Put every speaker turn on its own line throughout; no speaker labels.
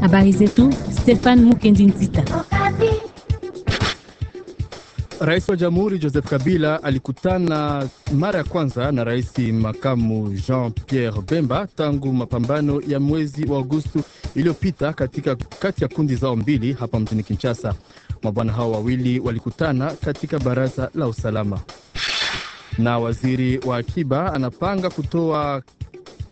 Habari zetu, Stefan Mukendi Nzita.
Rais wa Jamhuri Joseph Kabila alikutana mara ya kwanza na rais makamu Jean Pierre Bemba tangu mapambano ya mwezi wa Agosti iliyopita katika kati ya kundi zao mbili hapa mjini Kinshasa. Mabwana hao wawili walikutana katika baraza la usalama na waziri wa akiba anapanga kutoa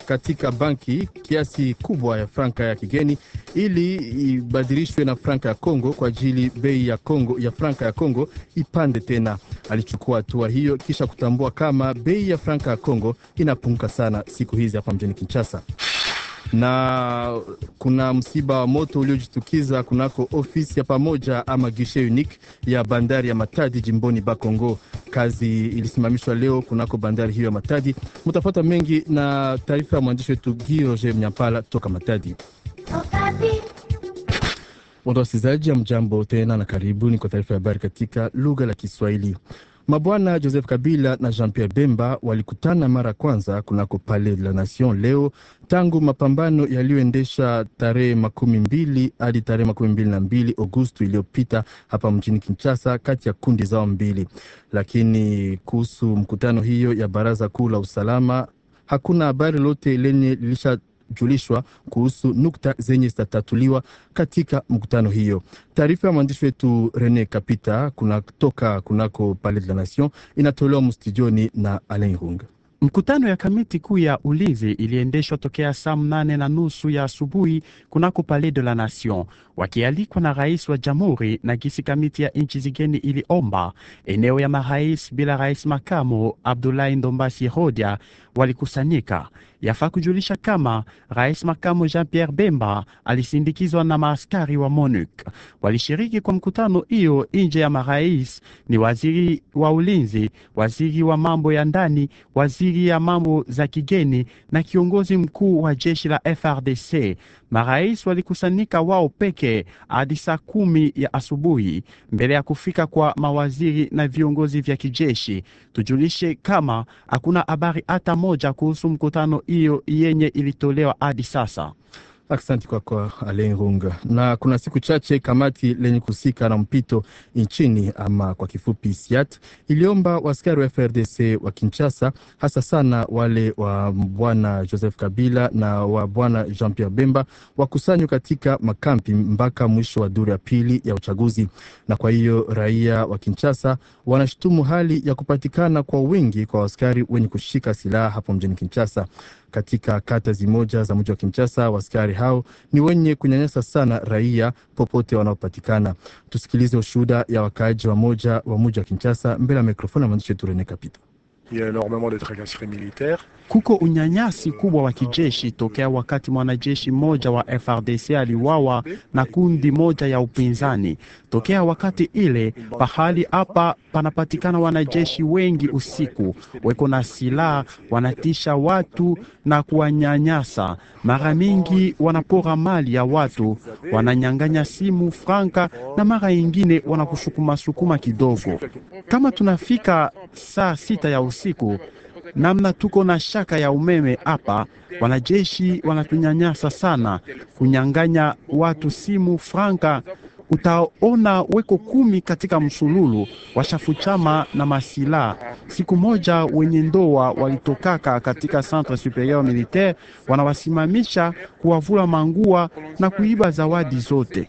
katika banki kiasi kubwa ya franka ya kigeni ili ibadilishwe na franka ya Kongo kwa ajili bei ya Kongo, ya franka ya Kongo ipande tena. Alichukua hatua hiyo kisha kutambua kama bei ya franka ya Kongo inapunguka sana siku hizi hapa mjini Kinshasa na kuna msiba wa moto uliojitukiza kunako ofisi ya pamoja ama gishe unique ya bandari ya Matadi jimboni Bakongo. Kazi ilisimamishwa leo kunako bandari hiyo ya Matadi. Mutapata mengi na taarifa ya mwandishi wetu Giroje Mnyampala toka Matadi. Wasikilizaji, ya mjambo tena na karibuni kwa taarifa ya habari katika lugha la Kiswahili. Mabwana Joseph Kabila na Jean Pierre Bemba walikutana mara kwanza kunako Palais de la Nation leo tangu mapambano yaliyoendesha tarehe makumi mbili hadi tarehe makumi mbili na mbili Agosti iliyopita hapa mjini Kinshasa kati ya kundi zao mbili. Lakini kuhusu mkutano hiyo ya baraza kuu la usalama hakuna habari lote lenye lilisha kujulishwa kuhusu nukta zenye zitatatuliwa katika mkutano hiyo. Taarifa ya mwandishi wetu Rene Kapita kunatoka kunako Palais de la Nation inatolewa mstijoni na Alain Hung. Mkutano
ya kamiti kuu ya ulinzi iliendeshwa tokea saa mnane na nusu ya asubuhi kunako Palais de la Nation, wakialikwa na rais wa jamhuri na gisi kamiti ya nchi zigeni iliomba. Eneo ya marais bila rais makamo Abdulahi Ndombasi Rodia walikusanyika Yafaa kujulisha kama rais makamu Jean Pierre Bemba alisindikizwa na maaskari wa MONUC walishiriki kwa mkutano hiyo. Nje ya marais ni waziri wa ulinzi, waziri wa mambo ya ndani, waziri ya mambo za kigeni na kiongozi mkuu wa jeshi la FRDC. Marais walikusanyika wao peke hadi saa kumi ya asubuhi mbele ya kufika kwa mawaziri na viongozi vya kijeshi. Tujulishe kama hakuna habari hata moja kuhusu mkutano hiyo yenye ilitolewa hadi sasa.
Asante kwako kwa Alen Runga. Na kuna siku chache kamati lenye kuhusika na mpito nchini ama kwa kifupi SIAT iliomba waskari wa FRDC wa Kinshasa, hasa sana wale wa bwana Joseph Kabila na wa bwana Jean Pierre Bemba wakusanywe katika makampi mpaka mwisho wa duru ya pili ya uchaguzi. Na kwa hiyo raia wa Kinshasa wanashutumu hali ya kupatikana kwa wingi kwa waskari wenye kushika silaha hapo mjini Kinshasa katika kata zimoja za mji wa Kinshasa. Waskari hao ni wenye kunyanyasa sana raia popote wanaopatikana. Tusikilize ushuhuda ya wakaaji wa moja wa mji wa Kinshasa mbele ya mikrofoni ya mwandishi wetu Rene Kapita.
Kuko unyanyasi kubwa wa kijeshi tokea wakati mwanajeshi mmoja wa FRDC aliwawa na kundi moja ya upinzani. Tokea wakati ile, pahali hapa panapatikana wanajeshi wengi usiku, weko na silaha, wanatisha watu na kuwanyanyasa. Mara mingi wanapora mali ya watu, wananyang'anya simu, franka na mara ingine wanakusukuma sukuma kidogo. Kama tunafika saa sita ya usiku, namna tuko na shaka ya umeme hapa. Wanajeshi wanatunyanyasa sana, kunyang'anya watu simu franka. Utaona weko kumi katika msululu washafuchama na masila. Siku moja wenye ndoa walitokaka katika Centre Superieur Militaire, wanawasimamisha kuwavula mangua na kuiba zawadi zote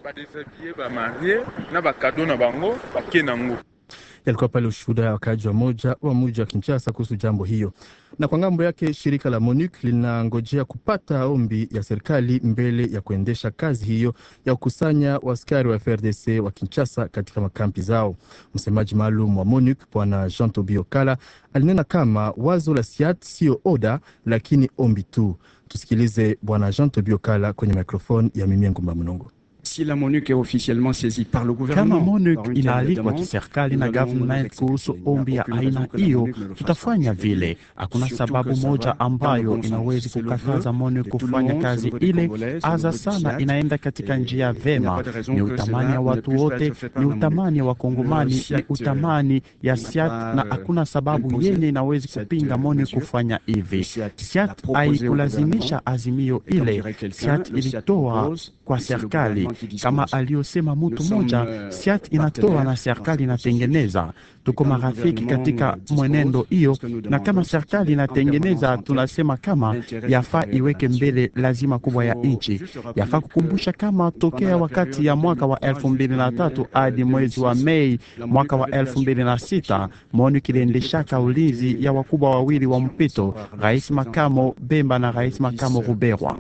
yalikuwa pale ushuhuda ya wakaaji wa moja wa mji wa Kinshasa kuhusu jambo hiyo. Na kwa ngambo yake shirika la MONUC linangojea kupata ombi ya serikali mbele ya kuendesha kazi hiyo ya kukusanya waskari wa FRDC wa Kinshasa katika makampi zao. Msemaji maalum wa MONUC bwana Jean Tobio Kala alinena kama wazo la siat sio oda, lakini ombi tu. Tusikilize bwana Jean Tobio Kala kwenye mikrofoni ya Mimie Ngumba Mnongo.
Si la MONUC est officiellement saisie par le gouvernement, kama MONUC inaalikwa kiserikali na government kuhusu ombi ya aina hiyo, tutafanya vile. Hakuna sababu moja ambayo inawezi kukataza MONUC kufanya kazi ile. Aza sana inaenda katika njia vema, ni utamani ya watu wote, ni utamani ya Wakongomani, ni utamani ya SIAT na euh, hakuna sababu yenye inawezi kupinga euh, MONUC kufanya hivi. SIAT haikulazimisha azimio ile, SIAT ilitoa kwa serikali, kama aliyosema mtu mmoja, euh, siat inatoa na serikali inatengeneza. Tuko marafiki katika mwenendo hiyo, na kama serikali inatengeneza, tunasema kama yafaa iweke mbele lazima kubwa ya nchi. Yafaa kukumbusha kama tokea wakati ya mwaka wa elfu mbili na tatu hadi euh, mwezi wa Mei mwaka wa elfu mbili na sita MONUC kiliendeshaka ulinzi ya wakubwa wawili wa mpito, rais makamo Bemba na rais makamo Ruberwa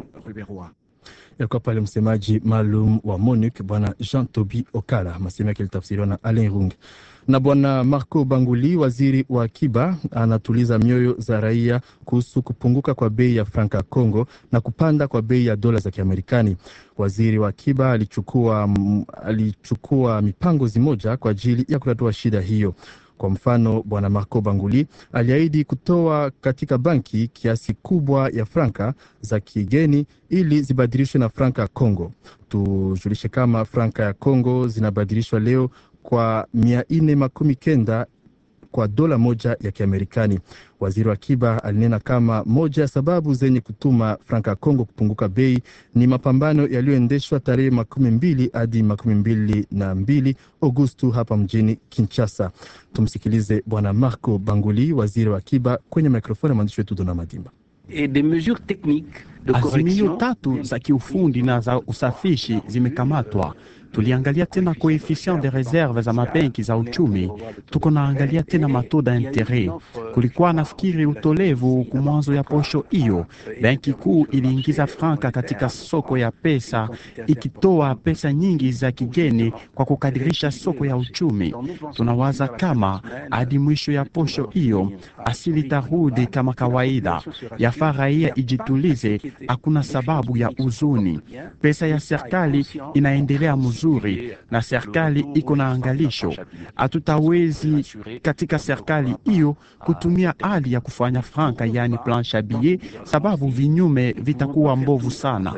yalikuwa pale msemaji maalum wa MONUC bwana Jean Tobi Okala, masemi yake yalitafsiriwa na Alain Rung na bwana Marco Banguli, waziri wa akiba, anatuliza mioyo za raia kuhusu kupunguka kwa bei ya franka Congo na kupanda kwa bei ya dola za Kiamerikani. Waziri wa akiba alichukua, alichukua mipango zimoja kwa ajili ya kutatua shida hiyo. Kwa mfano, bwana Marco Banguli aliahidi kutoa katika banki kiasi kubwa ya franka za kigeni ili zibadilishwe na franka ya Kongo. Tujulishe kama franka ya Kongo zinabadilishwa leo kwa mia nne makumi kenda kwa dola moja ya Kiamerikani. Waziri wa kiba alinena kama moja ya sababu zenye kutuma franka congo Kongo kupunguka bei ni mapambano yaliyoendeshwa tarehe makumi mbili hadi makumi mbili na mbili agustu hapa mjini Kinshasa. Tumsikilize Bwana Marco Banguli, waziri wa kiba kwenye mikrofoni ya mwandishi wetu Dona Madimba.
Azimio tatu za
kiufundi na za usafishi
zimekamatwa Tuliangalia tena koefficient de reserve za mabenki za uchumi, tuko naangalia tena matoda intere. Kulikuwa nafikiri utolevu kumwanzo ya posho hiyo. Benki kuu iliingiza franka katika soko ya pesa, ikitoa pesa nyingi za kigeni kwa kukadirisha soko ya uchumi. Tunawaza kama hadi mwisho ya posho hiyo asili tarudi kama kawaida, yafaa raia ijitulize, hakuna sababu ya uzuni. Pesa ya serikali inaendelea mzuri nzuri na serikali iko na angalisho. Hatutawezi katika serikali hiyo kutumia hali ya kufanya franka, yani plancha
bie, sababu vinyume vitakuwa mbovu sana.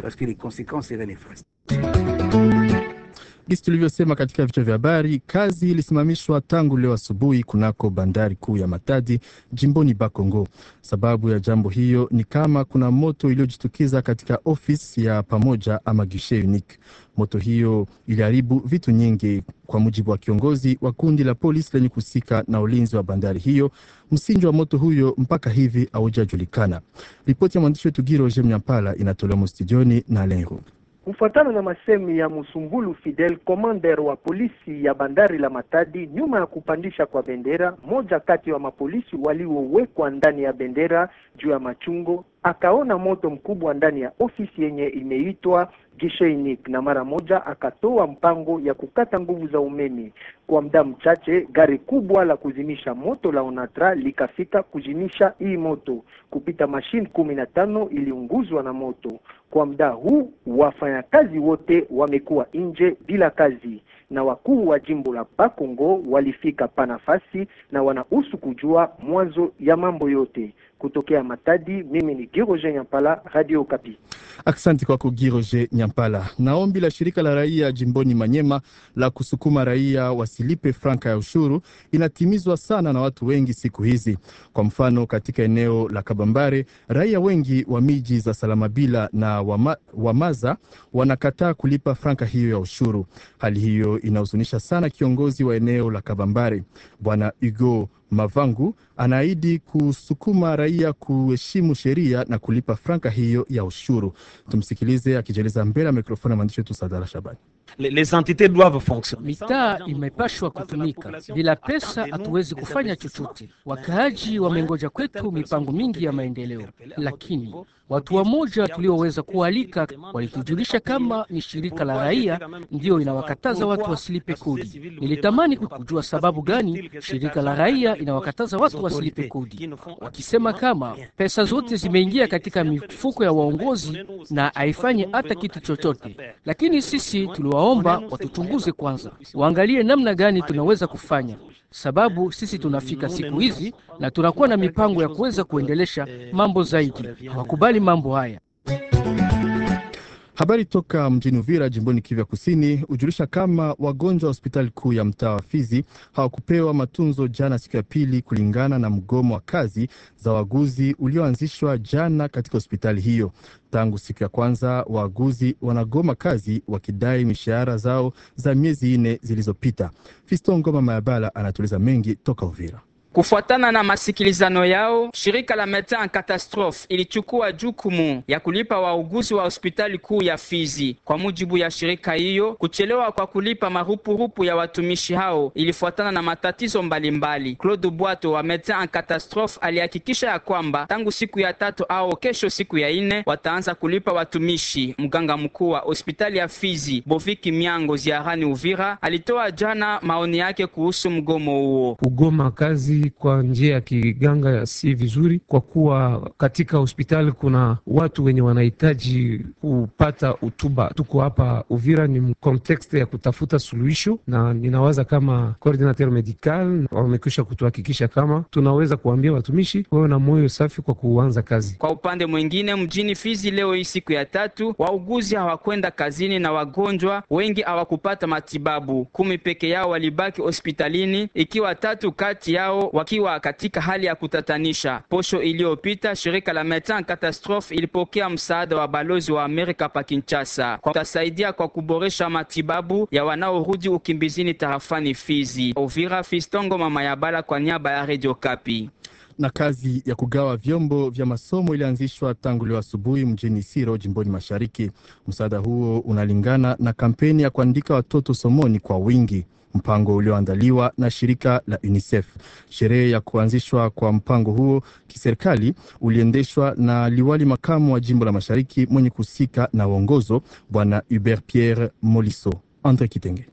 Gisi tulivyosema katika vichwa vya habari, kazi ilisimamishwa tangu leo asubuhi kunako bandari kuu ya Matadi jimboni Bakongo. Sababu ya jambo hiyo ni kama kuna moto iliyojitukiza katika ofisi ya pamoja ama gishe unique. Moto hiyo iliharibu vitu nyingi. Kwa mujibu wa kiongozi wa kundi la polisi lenye kuhusika na ulinzi wa bandari hiyo, msingi wa moto huyo mpaka hivi haujajulikana. Ripoti ya mwandishi wetu Giro Jemnyampala inatolewa studioni na Lengo. Kufuatana na masemi ya Musumbulu Fidel, commander wa polisi ya bandari la Matadi, nyuma ya kupandisha kwa bendera, moja kati wa mapolisi waliowekwa ndani ya bendera juu ya machungo, akaona moto mkubwa ndani ya ofisi yenye imeitwa Gisheinik na mara moja akatoa mpango ya kukata nguvu za umeme kwa muda mchache. Gari kubwa la kuzimisha moto la Onatra likafika kuzimisha hii moto kupita mashine kumi na tano iliunguzwa na moto. Kwa muda huu wafanyakazi wote wamekuwa nje bila kazi, na wakuu wa jimbo la Pakongo walifika panafasi na wanahusu kujua mwanzo ya mambo yote. Kutokea Matadi,
mimi ni Giroje Nyampala, Radio Kapi.
Aksanti kwako Giroje Nyampala. Kampala. Na ombi la shirika la raia jimboni Manyema la kusukuma raia wasilipe franka ya ushuru inatimizwa sana na watu wengi siku hizi. Kwa mfano, katika eneo la Kabambare raia wengi wa miji za Salamabila na wama, Wamaza wanakataa kulipa franka hiyo ya ushuru. Hali hiyo inahuzunisha sana kiongozi wa eneo la Kabambare Bwana Igo Mavangu anaahidi kusukuma raia kuheshimu sheria na kulipa franka hiyo ya ushuru. Tumsikilize akijieleza mbele ya mikrofoni ya mwandishi wetu Sadara Shabani. Mitaa imepashwa kutumika bila pesa, hatuwezi kufanya chochote. Wakaaji wamengoja kwetu mipango mingi ya maendeleo, lakini Watu wamoja tulioweza kualika walitujulisha kama ni shirika la raia ndiyo inawakataza watu wasilipe kodi. Nilitamani kujua sababu gani shirika la raia inawakataza watu wasilipe kodi, wakisema kama pesa zote zimeingia katika mifuko ya waongozi na haifanye hata kitu chochote. Lakini sisi tuliwaomba watuchunguze kwanza, waangalie namna gani tunaweza kufanya sababu sisi tunafika siku hizi na tunakuwa na mipango ya kuweza kuendelesha mambo zaidi. Hawakubali mambo haya. Habari toka mjini Uvira jimboni kivya Kusini hujulisha kama wagonjwa wa hospitali kuu ya mtaa wa Fizi hawakupewa matunzo jana siku ya pili, kulingana na mgomo wa kazi za waguzi ulioanzishwa jana katika hospitali hiyo. Tangu siku ya kwanza waaguzi wanagoma kazi wakidai mishahara zao za miezi nne zilizopita. Fisto Ngoma Mayabala anatueleza mengi toka Uvira.
Kufuatana na masikilizano yao, shirika la Medecins en Catastrophe ilichukua jukumu ya kulipa wauguzi wa hospitali kuu ya Fizi. Kwa mujibu ya shirika hiyo, kuchelewa kwa kulipa marupurupu ya watumishi hao ilifuatana na matatizo mbalimbali. Claude Bwato wa Medecins en Catastrophe alihakikisha ya kwamba tangu siku ya tatu au kesho siku ya ine wataanza kulipa watumishi. Mganga mkuu wa hospitali ya Fizi Boviki Miango ziarani Uvira alitoa jana maoni yake kuhusu mgomo huo.
Ugoma kazi kwa njia ya kiganga, si vizuri, kwa kuwa katika hospitali kuna watu wenye wanahitaji kupata utuba. Tuko hapa Uvira ni kontekste ya kutafuta suluhisho, na ninawaza kama coordinateur medical wamekwisha kutuhakikisha kama tunaweza kuambia watumishi wawe na moyo safi kwa kuanza kazi.
Kwa upande mwingine, mjini Fizi leo hii siku ya tatu, wauguzi hawakwenda kazini na wagonjwa wengi hawakupata matibabu. Kumi peke yao walibaki hospitalini, ikiwa tatu kati yao wakiwa katika hali ya kutatanisha. Posho iliyopita shirika la Medecins Catastrophe ilipokea msaada wa balozi wa Amerika pa Kinshasa kwa kutasaidia kwa kuboresha matibabu ya wanaorudi ukimbizini tarafani Fizi. Uvira, Fistongo mama ya Bala, kwa niaba ya Radio Kapi
na kazi ya kugawa vyombo vya masomo ilianzishwa tangu leo asubuhi mjini Siro, jimboni Mashariki. Msaada huo unalingana na kampeni ya kuandika watoto somoni kwa wingi, mpango ulioandaliwa na shirika la UNICEF. Sherehe ya kuanzishwa kwa mpango huo kiserikali uliendeshwa na liwali makamu wa jimbo la Mashariki mwenye kuhusika na uongozo, Bwana Hubert Pierre Moliso. Andre Kitenge.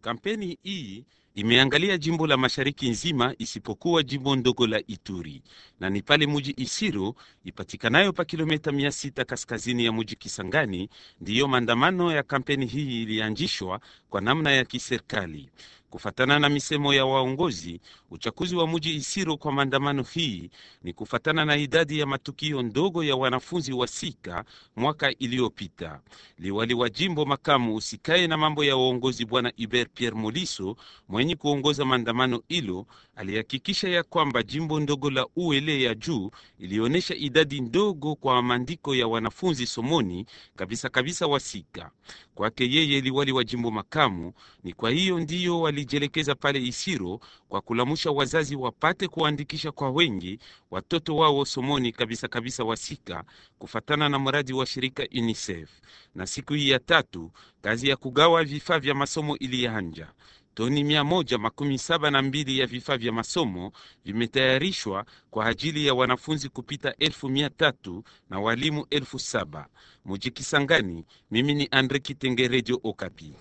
Kampeni hii imeangalia jimbo la mashariki nzima isipokuwa jimbo ndogo la Ituri na ni pale muji Isiro ipatikanayo pa kilomita 600 kaskazini ya muji Kisangani, ndiyo maandamano ya kampeni hii ilianzishwa kwa namna ya kiserikali. Kufatana na misemo ya waongozi, uchakuzi wa muji Isiro kwa maandamano hii ni kufatana na idadi ya matukio ndogo ya wanafunzi wa sika mwaka iliyopita. Liwali wa jimbo makamu usikae na mambo ya waongozi bwana Hubert Pierre Moliso mwenye kuongoza maandamano hilo alihakikisha ya kwamba jimbo ndogo la Uele ya juu ilionyesha idadi ndogo kwa maandiko ya wanafunzi somoni kabisa kabisa wa sika. Kwake yeye liwali wa jimbo makamu, ni kwa hiyo ndiyo wali alijielekeza pale Isiro kwa kulamusha wazazi wapate kuandikisha kwa wengi watoto wao somoni kabisa kabisa wasika kufatana na mradi wa shirika UNICEF. Na siku hii ya tatu kazi ya kugawa vifaa vya masomo ilianja. Toni mia moja makumi saba na mbili ya vifaa vya masomo vimetayarishwa kwa ajili ya wanafunzi kupita elfu mia tatu na walimu elfu saba kisangani Mimi ni Andre Kitenge, Redio Okapi.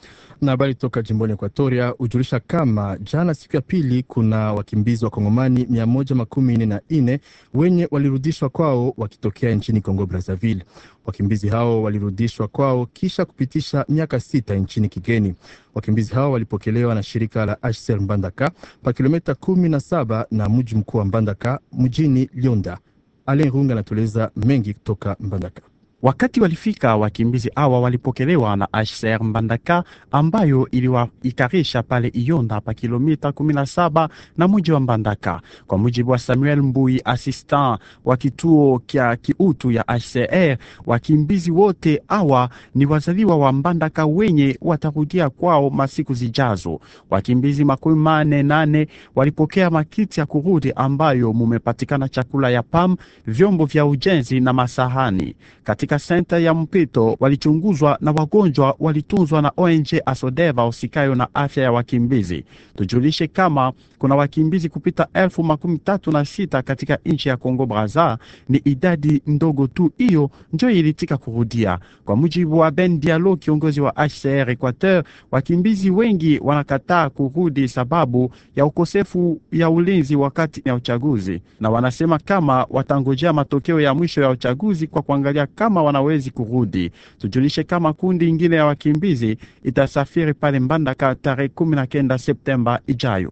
Na habari toka jimboni Ekuatoria hujulisha kama jana siku ya pili kuna wakimbizi wa Kongomani mia moja makumi nne na nne wenye walirudishwa kwao wakitokea nchini Kongo Brazzaville. Wakimbizi hao walirudishwa kwao kisha kupitisha miaka sita nchini kigeni. Wakimbizi hao walipokelewa na shirika la HCR Mbandaka pa kilomita kumi na saba na mji mkuu wa Mbandaka mjini Lyonda. Alen Runga anatueleza mengi kutoka Mbandaka.
Wakati walifika wakimbizi awa walipokelewa na HCR Mbandaka ambayo iliwaikarisha pale Iyonda pa kilomita 17 na muji wa Mbandaka. Kwa mujibu wa Samuel Mbui, assistant wa kituo kya kiutu ya HCR, wakimbizi wote awa ni wazaliwa wa Mbandaka wenye watarudia kwao masiku zijazo. Wakimbizi makumi mane nane walipokea makiti ya kurudi ambayo mumepatikana chakula ya pam, vyombo vya ujenzi na masahani katika katika senta ya mpito walichunguzwa na wagonjwa walitunzwa na ONG Asodeva usikayo na afya ya wakimbizi. Tujulishe kama kuna wakimbizi kupita elfu makumi tatu na sita katika nchi ya Kongo Braza. Ni idadi ndogo tu hiyo njo ilitika kurudia. Kwa mujibu wa Ben Dialo, kiongozi wa HCR Equateur, wakimbizi wengi wanakataa kurudi sababu ya ukosefu ya ulinzi wakati ya uchaguzi, na wanasema kama watangojea matokeo ya mwisho ya uchaguzi kwa kuangalia kama wanawezi kurudi. Tujulishe kama kundi ingine ya wakimbizi itasafiri pale Mbandaka tarehe kumi na kenda Septemba ijayo.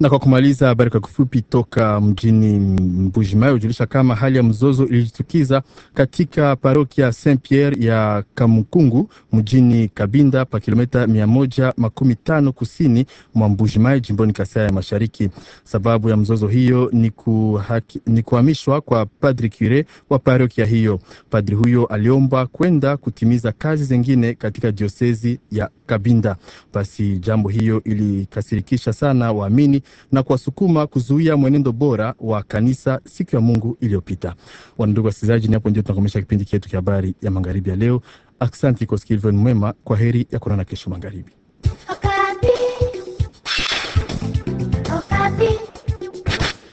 Na kwa kumaliza, habari kwa kifupi toka mjini Mbujimayi hujulisha kama hali ya mzozo ilijitukiza katika parokia Saint Pierre ya Kamukungu mjini Kabinda pa kilomita mia moja makumi tano kusini mwa Mbujimayi jimboni Kasai ya Mashariki. Sababu ya mzozo hiyo ni, kuhaki, ni kuhamishwa kwa padri cure wa parokia hiyo. Padri huyo aliomba kwenda kutimiza kazi zingine katika diosezi ya Kabinda. Basi jambo hiyo ilikasirikisha sana waamini na kuwasukuma kuzuia mwenendo bora wa kanisa siku ya Mungu iliyopita. Wanandugu wasikilizaji, ni hapo ndio tunakomesha kipindi chetu cha habari ya magharibi ya leo. Aksanti kwa usikilivu mwema. Kwa heri ya
kuonana kesho magharibi.